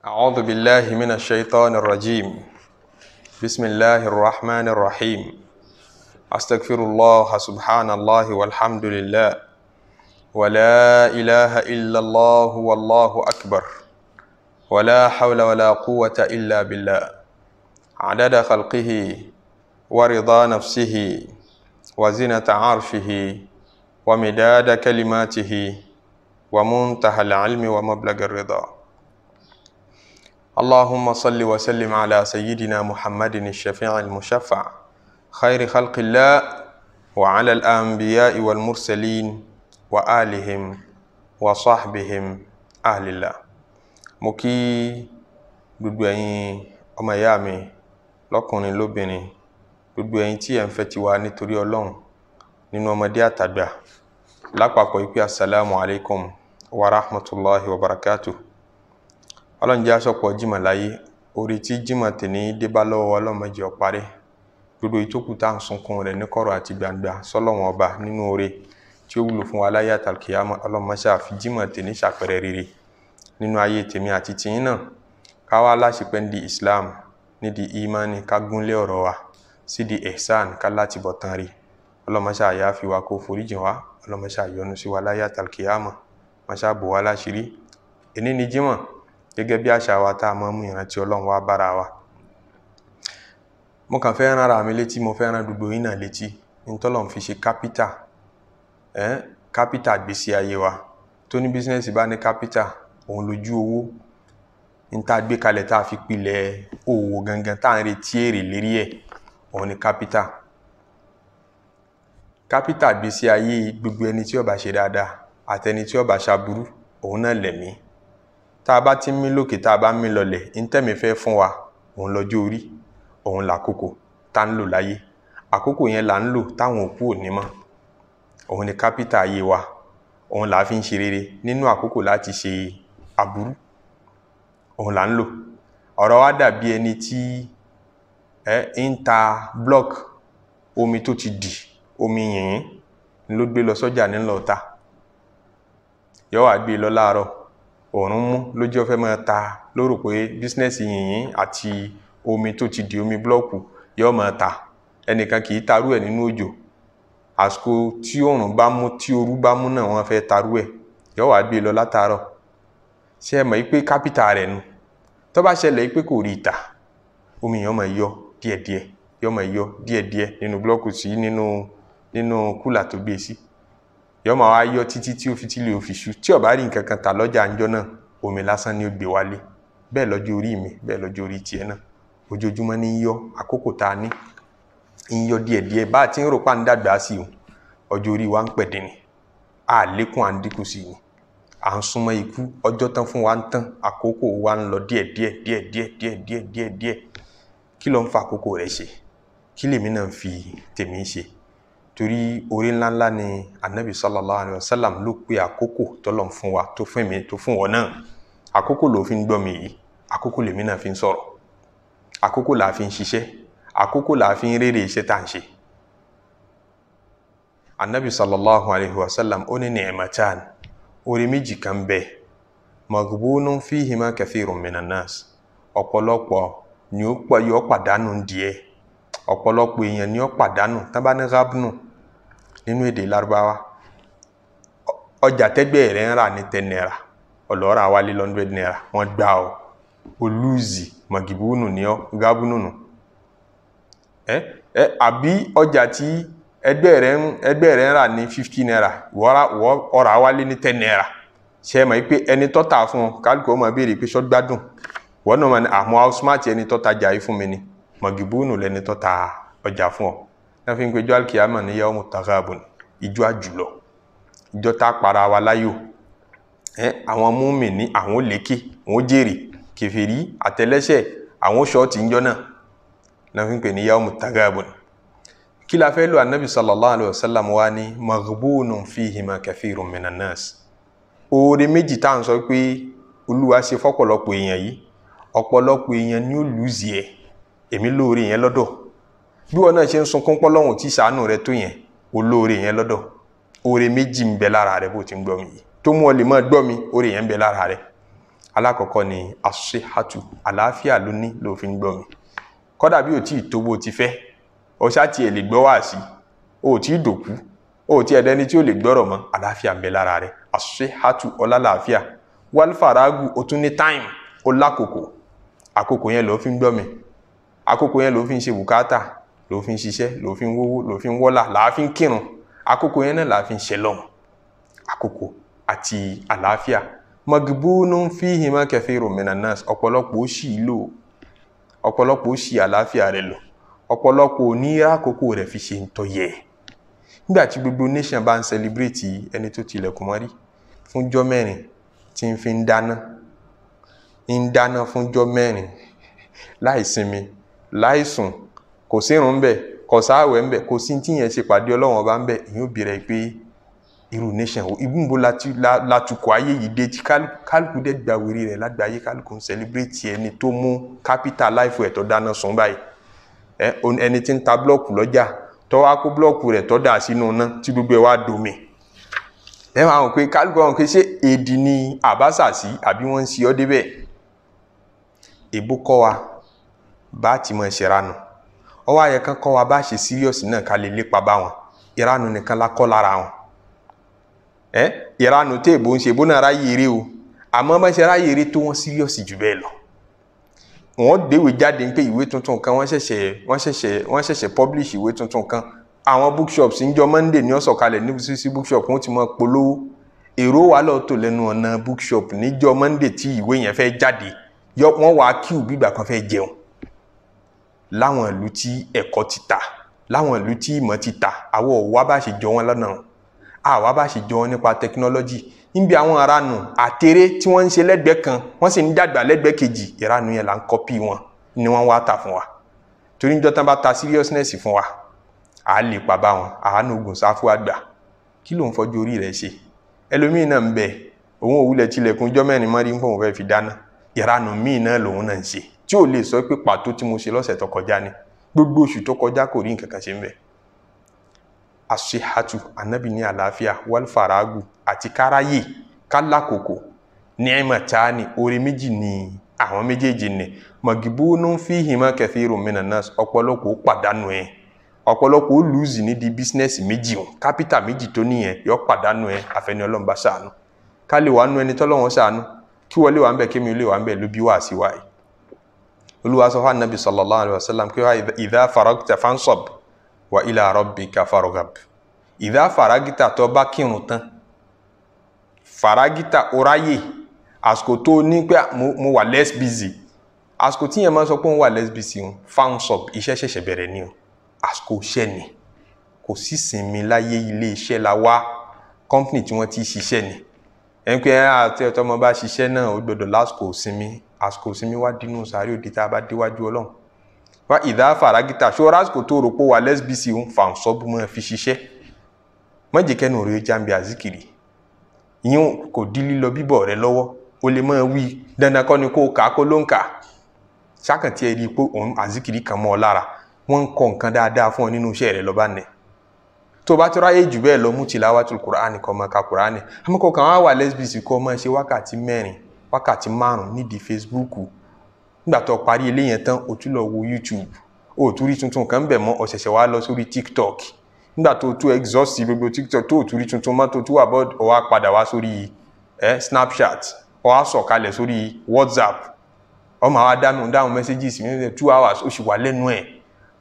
أعوذ بالله من الشيطان الرجيم بسم الله الرحمن الرحيم أستغفر الله سبحان الله والحمد لله ولا إله إلا الله والله أكبر ولا حول ولا قوة إلا بالله عدد خلقه ورضا نفسه وزنة عرشه ومداد كلماته ومنتهى العلم ومبلغ الرضا اللهم صل وسلم على سيدنا محمد الشفيع المشفع خير خلق الله وعلى الأنبياء والمرسلين وآلهم وصحبهم أهل الله مكي kí gbogbo ẹ̀yin ọmọ ìyá mi lọ́kùnrin lóbìnrin gbogbo ẹ̀yin tí ẹ̀ ń fẹ́ tiwa nítorí ọlọ́run nínú ọmọdé àtàgbà lápapọ̀ ìpè assalamu alaikum wa rahmatulahi wa barakatuh ọlọ́njẹ́ aṣọ́pọ̀ jímọ̀ láyé orí tí jímọ̀ tèmi débá lọ́wọ́ ọlọ́mọdé ọ̀parẹ́ gbogbo ìtókù tá à ń sunkún rẹ̀ ní kọ̀rọ̀ àti gbangba sọ́lọ́wọ́n ọba nínú oore tí ó wúlò fún wa láyé àtàkìyàmọ́ ọlọ́mọṣẹ́ àfi jímọ̀ tèmi ṣàpẹrẹ rere nínú ayé tèmi àti tìyín náà káwá láṣepẹ́ ní Islam nídìí imani ká gúnlé ọ̀rọ̀ wa sídi ihsan ká láti bọ̀ tán rí ọlọ́mọṣẹ́ àyà fi wa kó foríjìn wa ọlọ́mọṣẹ́ àyọnu sí wa láyé àtàkìyàmọ́ mọ́ṣáàbò wa láṣìírí èní ni jímọ̀ gẹ́gẹ́ bí àṣà wa tá a máa ń mú ìrántí Ọlọ́run wá bára wa mo kàn fẹ́ rán ara mi létí mo fẹ́ rán gbogbo yín náà létí ní tọ́lọ̀ ń fi ṣe kápítà ẹ́n kápítà gbèsè ayé wa tó ní bísínẹ́sì bá ní kápítà òun lójú owó ní tá gbé kalẹ̀ tá a fi pilẹ̀ òwò gangan tá ń retí èrè lérí ẹ̀ òun ni kápítà kápítà gbèsè ayé gbogbo ẹni tí ó ṣe dáadáa àtẹni tí ó ṣaburú òun náà lẹ̀mí tá a bá ti ń mí lókè tá a bá ń mí lọlẹ̀ ntẹ́mi fẹ́ fún wa òun lọ́jọ́ orí òun làkókò tá ń lò láyé àkókò yẹn là ń lò táwọn òkú ò ní mọ́ òun ni kápítà ayé wa òun là á fi ń ṣe rere nínú àkókò láti ṣe aburú òun là ń lò ọ̀rọ̀ wa dàbí ẹni tí ẹ ń ta block omi tó ti dì omi yìnyín ló gbé lọ sọ́jà nílò yọ wá gbé lọ láàárọ̀ òórùn mú lójú ọ̀fẹ́ máa ta lórò pé bísínẹ́sì yìnyín àti omi tó ti di omi blọ́ọ̀kù yóò máa ta ẹnìkan kì í tarú ẹ̀ nínú òjò àsìkò tí òórùn bá mú tí ooru bá mú náà wọ́n fẹ́ tarú ẹ̀ yóò wá gbé e lọ látàárọ̀ ṣé ẹ mọ̀ yí pé kápítà rẹ̀ nu tó bá ṣẹlẹ̀ yí kò rí ìta omi yẹn máa yọ díẹ̀díẹ̀ yóò máa yọ díẹ̀díẹ̀ nínú blọ́ọ̀kù sí nínú nínú kúlà tó gbé e sí. Si yọ máa wá yọ títí tí ó fi tílé fi tí ọba kan tà náà omi lásán ni ó gbé wálé bẹ́ẹ̀ lọ́jọ́ orí mi bẹ́ẹ̀ lọ́jọ́ orí tiẹ náà ojoojúmọ́ yọ àkókò tá a ní ń yọ bá ti ń rò pa o wa ń ni a lékún à ń dínkù sí ni à ń súnmọ́ ikú ọjọ́ tán fún wa ń tán wa ń lọ kí ló ń fa àkókò ṣe kí lèmi náà torí orí ńláńlá ni anabi sallallahu alayhi wa sallam ló pe àkókò tọ́lọ̀ fún wa tó fún mi tó fún wọn náà àkókò ló fi ń gbọ́ mi yìí àkókò lèmi náà fi ń sọ̀rọ̀ àkókò là á fi ń ṣiṣẹ́ àkókò là á fi ń rere iṣẹ́ tá à ń ṣe. anabi sallallahu alayhi wa sallam ó ní ni'matan orí méjì kan bẹ magbónú fíhìmá kathirun minan nas ọ̀pọ̀lọpọ̀ ni ó pàdánù díẹ̀ ọ̀pọ̀lọpọ̀ èèyàn ni ó pàdánù tábánigábùnù nínú èdè lárúbáwá ọjà tẹ́gbẹ́ rẹ̀ ń rà ní ten naira ọ̀lọ́ra wálé hundred naira wọ́n gbà ọ́ olùzì mọ̀gìbúnù ní ọ́ gábúnùnù ẹ ẹ àbí ọjà tí ẹgbẹ́ rẹ̀ ń ẹgbẹ́ rẹ̀ ń rà ní fifty naira wọ́ ọ̀rà wálé ní ten naira ṣe é mọ̀ pé ẹni tọ́ta fún ọ kálukú ọmọ béèrè pé ṣọ́ gbádùn wọ́n náà àmọ́ smart ẹni tọ́ta jà yìí fún mi ni mọ̀gìbúnù lẹni tọ́ta ọjà fún ọ náà fi ń pe ìjọ alkiyama ní yawmu taghabun ìjọ àjùlọ ìjọ tá a para wa láyò ẹ àwọn múmìnì àwọn ó lékè àwọn ó jèrè kèfèrí àtẹlẹ́ṣẹ̀ àwọn ṣọ́ọ̀tì ń jọ náà náà fi ń pè ní yawmu taghabun kí la fẹ́ lo anabi sallallahu alayhi wa sallam wa ni maghbunun fihima kathirun minan nas oore méjì tá à ń sọ pé olúwa ṣe fọ́pọ̀lọpọ̀ èèyàn yìí ọ̀pọ̀lọpọ̀ èèyàn ni ó lùzì ẹ̀ èmi lóore yẹn lọ́dọ̀ bí wọn náà ṣe ń sunkún pọ́lọ́hún tí sàánú rẹ tó yẹn olóore yẹn lọ́dọ̀ oore méjì ń bẹ lára rẹ bó ti ń gbọ́ mi yìí tó mú ọ lè máa gbọ́ mi oore yẹn ń bẹ lára rẹ alákọ̀ọ́kọ́ ni asihatu àlàáfíà ló ní ló fi ń gbọ́ mi kọ́dà bí o tí ì tó bó ti fẹ́ ọ̀sá tiẹ̀ lè gbọ́ wá sí o tí ì dòkú o tí ẹ̀ dẹ́ni tí o lè gbọ́rọ̀ mọ́ àlàáfíà ń bẹ lára rẹ asihatu ọlálàáfíà wàlfàràgù o tún ní táìmù o lákòókò àkókò yẹn ló fi ń gbọ́ àkókò yẹn ló fi ń ṣe bùkátà ló fi ń ṣiṣẹ́ ló fi ń wówó ló fi ń wọ́là kírun yẹn náà àti àlàáfíà fi hìmọ́ kẹfì rọ̀mìnà náà ọ̀pọ̀lọpọ̀ ó sì àlàáfíà rẹ̀ lò ọ̀pọ̀lọpọ̀ ní rẹ̀ fi ṣe ń nígbà tí gbogbo nation bá celebrate ẹni tó tilẹ̀kùn mọ́rí fúnjọ́ mẹ́rin tí ń fi ń dáná ń dáná fúnjọ́ mẹ́rin kò sírun ńbẹ kò sáàwẹ̀ ńbẹ kò sí tí yẹn ṣe pàdé Ọlọ́run ọba ńbẹ èyí ò bèrè pé irú nation wo ibi nbo latukọ̀ ayé yìí dé tí kálukú dẹ̀ gba wèrè rẹ̀ lágbàáyé kálukú ń sẹlẹ̀bírẹ̀tì ẹni tó mú capital life ẹ̀ tó dáná sun báyìí ẹni tí ń ta blọ́ọ̀kù lọ́jà tó wá kó blọ́ọ̀kù rẹ̀ tó dà sínú náà tí gbogbo ẹ̀ wá domi ẹ máa hàn pé kálukú àwọn kò ṣe èdè ni àbáṣà sí àbí wọ́n ń ṣe ọ́ débẹ̀ èbó wa bá ti mọ̀ ṣèrànù ọwọ́ àyẹ̀ kan kọ́ wa bá ṣe serious náà ká lè lépa bá wọn ìranu nìkan la kọ́ lára wọn ẹ ìranu tẹ́ ìbò ń ṣe ìbò náà ráyè eré o àmọ́ bá ṣe ráyè eré tó wọ́n serious jù bẹ́ẹ̀ lọ wọ́n déwèé jáde pé ìwé tuntun kan wọ́n ṣẹ̀ṣẹ̀ wọ́n ṣẹ̀ṣẹ̀ wọ́n ṣẹ̀ṣẹ̀ publish ìwé tuntun kan àwọn bookshops níjọ́ monday ní ó sọ̀kalẹ̀ ní sí bookshop wọ́n ti mọ polówó èrò wà lọ tó lẹ́nu ọ̀nà bookshop níjọ́ monday tí ìwé yẹn fẹ́ jáde wọ́n wàá kíw bígbà kan fẹ́ jẹun láwọn ìlú tí ẹ̀kọ́ ti ta láwọn ìlú tí ìmọ̀ ti ta àwọn òwá bá ṣe jọ wọn lọ́nà àwa bá ṣe jọ wọn nípa tẹkinọ́lọ́jì níbi àwọn aráàlú àtẹrẹ tí wọ́n ń ṣe lẹ́gbẹ̀ẹ́ kan wọ́n sì ń dàgbà lẹ́gbẹ̀ẹ́ kejì ìranù yẹn là ń kọ́pì wọn ni wọ́n wá tà fún wa torí níjọ́ tán bá ta seriousness fún wa à á lè pa bá wọn àánú ogun sáfù àgbà kí ló ń fọjú orí rẹ̀ ṣe ẹlòmíín náà ń bẹ òun òwúlẹ̀ tilẹ̀kùn jọ́mẹ́rin mọ́rí ń fọwọ́n fẹ́ fi dáná ìranù míì náà lòun náà ń ṣe tí ò lè sọ pé pàtó tí mo ṣe lọ́sẹ̀ tó kọjá ni gbogbo oṣù tó kọjá kò rí nǹkan ṣe ń bẹ̀ asihatu anabi ní àlàáfíà walfaragu àti káráyè kálákòókò ni'matani orí méjì ní àwọn méjèèjì ní magibunu fihima kathirun minan nas ọ̀pọ̀lọpọ̀ pàdánù ẹ̀ ọ̀pọ̀lọpọ̀ ó lùzì ní di bísínẹ́sì méjì ọ̀hún kápítà méjì tó níyẹn yọ pàdánù ẹ̀ àfẹni ọlọ́run bá ṣàánú ká lè wà nú ẹni tọ́lọ́run ṣàánú kí wọlé wà ń bẹ̀ kémi olè wà ń bẹ̀ ló bí wàásí wáyé olúwa sọ fún anabi sallallahu alayhi wa sallam kí wá ìdá faragita fansọb wa ila rabbika faragab ìdá faragita tó bá kírun tán faragita oráyè àsìkò tó ní pé mo wà less busy àsìkò tí yẹn máa sọ pé òun wà less busy òun fansọb iṣẹ́ ṣẹ̀ṣẹ̀ bẹ̀rẹ̀ ni o àsìkò iṣẹ́ ni kò sí sinmi láyé ilé iṣẹ́ la wá company tí wọ́n ti ṣiṣẹ́ ni ẹni àti ọ̀tọ́ ọmọ bá ṣiṣẹ́ náà ó gbọ́dọ̀ lásìkò sinmi àsìkò sinmi wá dínú sàárè òde tá a bá déwájú ọlọ́run wá ìdá fàràgìtà ṣọ́ra àsìkò tó rò pé wà lẹ́sbìsì ń fà ń sọ́bù mọ́ ẹ fi ṣiṣẹ́ mọ́jẹ̀kẹ́nu rẹ̀ jáǹbì àzíkìrì ìyẹn kò dí lílọ bíbọ̀ rẹ lọ́wọ́ o lè máa wí dandan kọ́ ni kó o kà á kó ló ń kà á ṣàkàntì ẹ̀ rí i pé òun àzíkìrì kan mọ́ ọ lára wọ́n ń kọ́ nǹkan dáadáa fún ọ nínú iṣẹ́ rẹ lọ́ba nẹ̀ tó bá tọ́ra èjì bẹ́ẹ̀ lọ mú tìláwá tó kùránì kọ́ máa ka kùránì àmọ́ kọ́ kàn wá wà lẹ́sbìsì kọ́ máa ṣe wákàtí mẹ́rin wákàtí márùn-ún nídìí Facebook nígbà tó parí eléyẹn tán o tún lọ wo YouTube o tún rí tuntun kan bẹ̀ mọ́ ọ̀sẹ̀sẹ̀ wá lọ sórí TikTok nígbà tó tún exhaust gbogbo TikTok tó o tún rí tuntun mọ́ tó tún wà bọ́ ọ wá padà wá sórí ẹ eh, Snapchat ọ wá sọ̀kalẹ̀ sórí WhatsApp ọmọ àwa dánú dáhùn messages mi ní eh, two hours ó sì wà lẹ́nu ẹ̀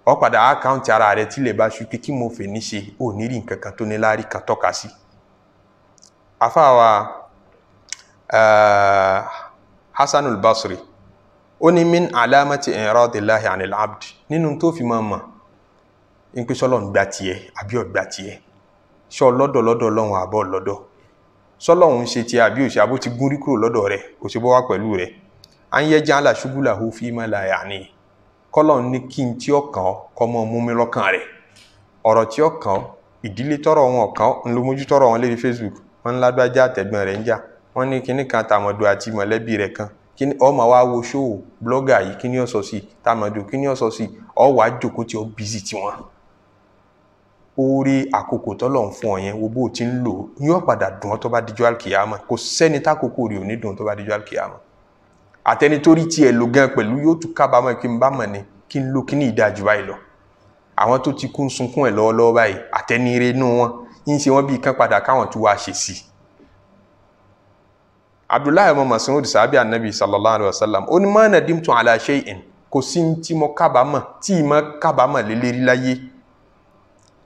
ọ padà àkáǹtì ara rẹ tilẹ̀ bá ṣu pé kí mo fẹ́ ní ṣe ò ní rí nǹkan kan tó ní láárí kan tọ́ka sí. àfáà wa Eh, Hasanul Basri ó ní min alamati iradillahi anil abd nínú tó fi máa mọ̀ ń pè sọ́lọ́ ń gba tiẹ̀ àbí ọ̀gbà tiẹ̀ sọ lọ́dọ̀ lọ́dọ̀ lọ́hùn àbọ̀ lọ́dọ̀ sọ́lọ́ ń ṣe tiẹ̀ àbí òṣè àbó ti gún rí kúrò lọ́dọ̀ rẹ̀ kò ṣe bọ́ wá pẹ̀lú rẹ̀ à ń yẹ jàǹlà ṣubúlàhù fíìmà làyà ni kọ́lọ̀ ní kí n tí ọkàn kọ́ mọ́ mú mi lọ́kàn rẹ̀ ọ̀rọ̀ tí ọkàn ìdílé tọrọ wọn ọ̀kan ńlọmójútọrọ wọn lérí Facebook wọn ńlá gbájá àtẹ̀gbọ́n rẹ̀ ń jà wọ́n ní kinní kan tàmọ̀dù àti mọ̀lẹ́bí rẹ̀ kan kíni ọmọ wa wo ṣòwò blọ́gà yìí kíni ọ̀sọ̀ sí tàmọ̀dù kíni ọ̀sọ̀ sí ọ wà á jòkó tí ó bízì tiwọn. orí àkókò tọ́lọ̀ ń fún ọ yẹn wo bó o ti ń lò yóò padà dùn ọ́ tó bá dijú àlùkìyàmọ̀ kò sẹ́ni tákòkò rẹ̀ ò ní dùn tó bá dijú àlùkìyàmọ̀ àtẹnitórí tiẹ̀ lò gan pẹ̀lú yóò tún kábàámọ̀ kí n bá mọ̀ ni kí n lo kíní ìdájú báyìí lọ àwọn tó ti kún sunkún ẹ̀ lọ́wọ́lọ́wọ́ báyìí àtẹnire inú wọn ń ṣe wọn bíi kán padà káwọn tún wá ṣe sí abdullahi ọmọ mas'ud sàbí anabi sallallahu alayhi wa sallam ó ní ma nadimtu ala shay'in kò sí tí mo kábàámọ̀ tí mo kábàámọ̀ lélẹ́rí láyé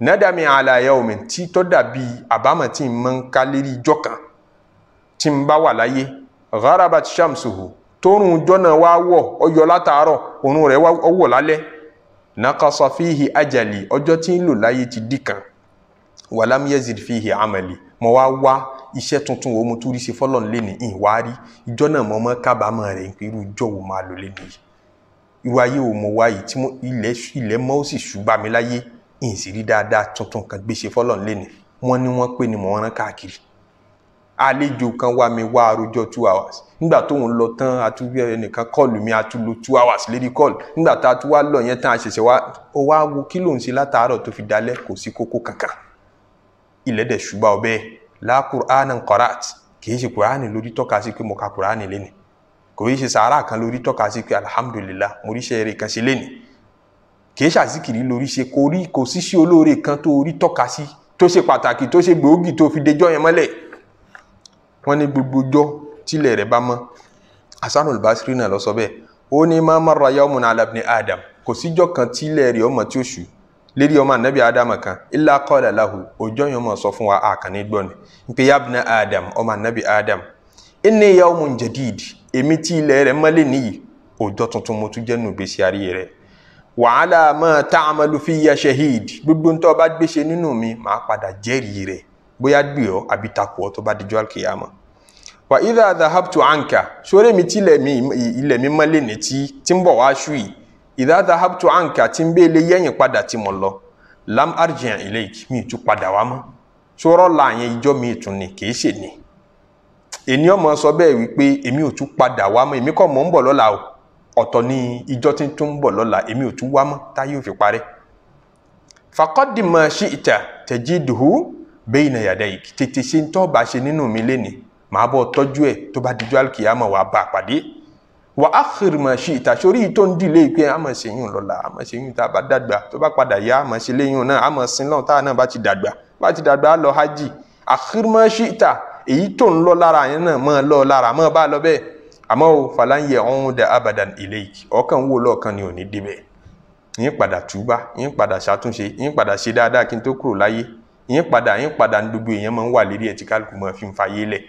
nádàmí ala yawmin tí tó dàbí àbámọ̀ tí mo ń ká lérí ijọ́ kan tí mo bá wà láyé gharabat shamsuhu tóorùn jọ́nà wá wọ̀ ọyọ látàárọ̀ òun rẹ̀ wọ̀ lálẹ́ nakasa fihi ajali ọjọ́ tí ń lò láyé ti dì walam yazid fihi amali mo wá wá iṣẹ́ tuntun wo mo tún rí ṣe fọ́lọ́run lé ní ìwárí ìjọ náà mo mọ́ kábàámọ̀ rẹ̀ pé irú ìjọ wo máa lò lé ní irú ayé wo mo wáyé tí ilẹ̀ ilẹ̀ mọ́ ó sì ṣùgbà mí láyé ìǹsì rí dáadáa tuntun kan gbé ṣe fọ́lọ́run lé ní wọ́n ní wọ́n pè ní mo rán káàkiri àlejò kan wá mi wá àròjọ two hours nígbà tó ń lọ tán àtúwí ẹnìkan kọlù mi àtúlò two hours lédi kọlù nígbà tá a tún wá lọ yẹn tán a ṣẹ̀ṣẹ̀ wá ó wá wo kí ló ń ṣe látàárọ̀ tó fi dalẹ́ kò sí kókó kankan ilẹ̀ dẹ̀ ṣùgbọ́n ọbẹ̀ la qur'anan qara'at kìí ṣe qur'ani lórí tọ́ka sí pé mo ka qur'ani lẹ́ni kò í ṣe sàárà kan lórí tọ́ka sí pé alhamdulillah mo ríṣẹ́ eré kan ṣe lẹ́ni kìí ṣàzikiri lórí ṣe kò rí kò sí sí olóore kan tó rí tọ́ka sí tó ṣe pàtàkì tó ṣe gbòógì tó fi dejọ́ yẹn mọ́lẹ̀ wọ́n ní gbogbo ọjọ́ tílẹ̀ rẹ̀ bá mọ́ Hasanul Basri náà ló sọ bẹ́ẹ̀ ó ní ma marra yawmun Adam kò síjọ́ kan tílẹ̀ rẹ̀ ọmọ tí ó ṣù lérí ọmọ anabi adama kan illa qala lahu ọjọ́ yẹn mọ̀ sọ fún wa àkànní gbọ́ ni npè ya bìnà adam ọmọ anabi adam inni yawmun jadid èmi tí ilẹ̀ rẹ̀ mọ́lẹ̀ nìyí ọjọ́ tuntun mo tún jẹ́ nù gbèsè àríyé rẹ̀ wa ala ma ta'malu fiyya shahid gbogbo ntọ́ bá gbèsè nínú mi màá padà jẹ́rìí rẹ̀ bóyá gbé ọ àbí takò ọ tó bá dijọ́ àkìyàmọ́ wa idha dhahabtu anka sórí mi tí ilẹ̀ mi mọ́lẹ̀ ní tí ń bọ̀ wá ṣú ìdáta habtu anka tí ń bẹ́ ilé yẹ́yìn padà tí mo lọ lam arjiyan ilayk mi tún padà wá mọ́ sọ̀rọ̀ láàyè ìjọ mi tún ni kì í ṣe ni èmi ọmọ sọ bẹ́ẹ̀ wípé èmi ò tún padà wá mọ́ èmi kọ́ mọ̀ ń bọ̀ lọ́la o ọ̀tọ̀ ni ìjọ tí tún ń bọ̀ lọ́la èmi ò tún wá mọ́ táyé ò fi parẹ́ faqaddima shi'ta tajiduhu bayna yadayk tètè ṣe ń tọ́ bá ṣe nínú mi lénìí màá bọ̀ tọ́jú ẹ̀ tó bá dijú àlùkìyàmọ̀ wàá bá a pàdé wà á xèrè mà sí ìta sórí yìí tó ń di léyìí pé àmọ̀ sẹ́yìn lọ́la àmọ̀ sẹ́yìn tá a bá dàgbà tó bá padà yá àmọ̀ sí léyìn náà àmọ̀ sí náà tá a náà bá ti dàgbà bá ti dàgbà á lọ hajj àxèrè mà sí ìta èyí tó ń lọ lára yẹn náà mọ̀ lọ lára mọ̀ bá lọ bẹ́ẹ̀ àmọ́ o fàlàyé ọ̀hún dẹ abadan ìlẹ́yìí ọ̀kan wò lọ́ọ̀kan ni ò ní débẹ̀ yín padà túbà yín padà ṣàtúnṣe yín padà ṣe dáadáa kí n tó kúrò láyé yín padà yín padà ní gbogbo èèyàn máa ń wà lérí ẹ̀ tí kálukú máa fi ń fayé lẹ̀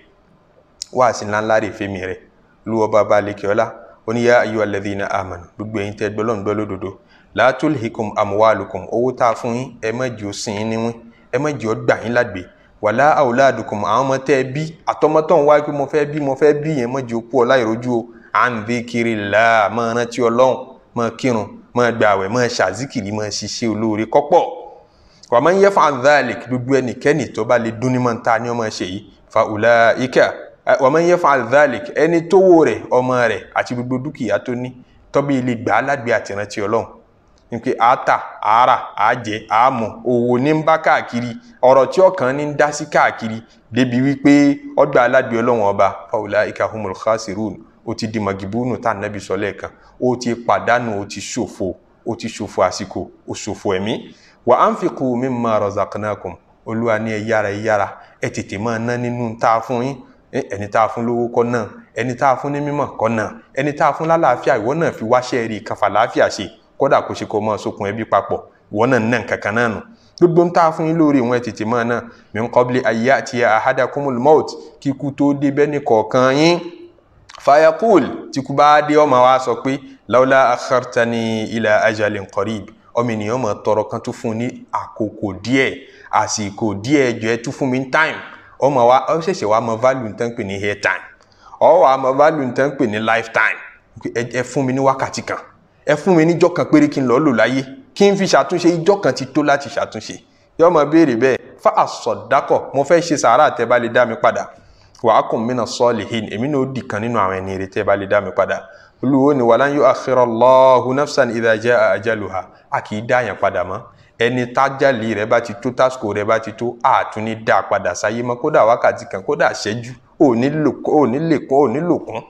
wáàsí ńláńlá rè fẹ́mi rẹ̀ lu ọba ọba alekeola ó ní yá ayé alladhina amanu gbogbo ẹ̀yin tẹ́ gbọ́lọ́n gbọ́ lódodo la tulhikum amwalukum owó tá a fún yín ẹ má jẹ́ ó sìn yín níwín ẹ má jẹ́ ó gbà yín lágbè wàlá auladukum àwọn ọmọ tẹ́ bí àtọmọtọ̀ ń wáyé pé mo fẹ́ bí mo fẹ́ bí yẹn má jẹ́ ó kú ọ láìrojú o à ń dhikrillah máa rántí ọlọ́run máa kírun máa gbààwẹ̀ máa ṣàzíkìrì máa ṣiṣẹ́ olóore kọ́pọ̀ wàmọ́ ń yẹ fún adhalik gbogbo ẹnikẹ́ni tó bá lè dún ní mọ́ta ni wọ́n ṣe yìí fa ulaika Eh, wa man yaf'al ẹni tówó rẹ̀ ọmọ rẹ̀ àti gbogbo dúkìá tó ní tọ́bí ilé gbà á àtìrántí ọlọ́run nípe àátà àárà àájẹ àámọ̀ òwò ní ń bá káàkiri ọ̀rọ̀ tí ọkàn ní ń dá sí káàkiri débi humul khasirun ti di magibunu tá sọ ti pàdánù ti ṣòfò o ti ṣòfò wa olúwa ní ẹ yára ẹ yára ẹ tètè máa ná nínú fún yín ẹni tá a fún lówó kọ́ náà ẹni tá a fún ní mímọ̀ kọ́ náà ẹni tá a fún lálàáfíà ìwọ náà fi wáṣẹ́ rí kàfà láàfíà ṣe kódà kó ṣe kó máa sokùn ẹbí papọ̀ ìwọ náà nà kankan náà nù gbogbo ń tá a fún yín lórí ìwọ̀n tètè máa náà min qabli ayé àti ahadakumul maut kíkú tó dé bẹ́ni kọ̀ọ̀kan yín fayakul tí kú bá dé ọmọ wa sọ pé lawla akhartani ila ajali qarib ọmọ ènìyàn máa tọrọ kan tó fún ní àkókò díẹ̀ àsìkò díẹ̀ jẹ́ tó fún mi time ọmọ wa ọ ṣẹ̀ṣẹ̀ wa mọ value nǹkan pè ní hair time ọ wà mọ value nǹkan pè ní life time ẹ fún mi ní wákàtí kan ẹ fún mi níjọ́ kan péré kí n lọ́ọ́ lò láyé kí n fi ṣàtúnṣe ìjọ́ kan ti tó láti ṣàtúnṣe yọ ọmọ béèrè bẹ́ẹ̀ fa àsọdákọ mo fẹ́ ṣe sàárà tẹ́ bá lè dá mi padà wàá kùn mí náà sọ́ọ̀lì hin èmi náà ó dì kan nínú àwọn ẹni rẹ bá lè dá mi padà olùwọ́ ni wàlá yóò akhirallahu nafsan idha jaa ajaluha a kì í dá yẹn padà mọ́ ẹni tájàlì rẹ̀ bá ti tó tásìkò rẹ̀ bá ti tó àtún ní dá padà sáyé mọ́ kódà wákàtí kan kódà ṣẹ́jú ò ní lèkún ò ní lòkún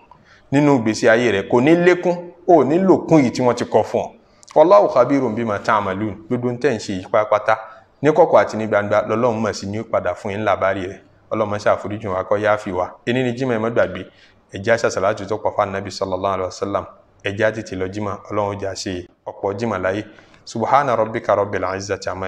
nínú ìgbésí ayé rẹ̀ kò ní lékún ò ní lòkún yìí tí wọ́n ti kọ fún ọ Allahu khabirun bima ta'malun gbogbo ń tẹ̀ ń ṣe yìí pátápátá ní kọ̀kọ̀ àti ní gbangba lọ́lọ́run mọ̀ sí ní padà fún yín làbárí rẹ̀ ọlọ́mọ ṣàforíjì wa kọ́ yááfì wa ẹni ní jimá ẹ gbàgbé ẹ̀já ṣàṣàlátù tó pọ̀ fún anabi sallallahu alayhi wa sallam ẹ̀já tètè lọ jimá ọlọ́run jà ṣe ọ̀pọ̀ jimá láyé سبحان ربك رب العزة عما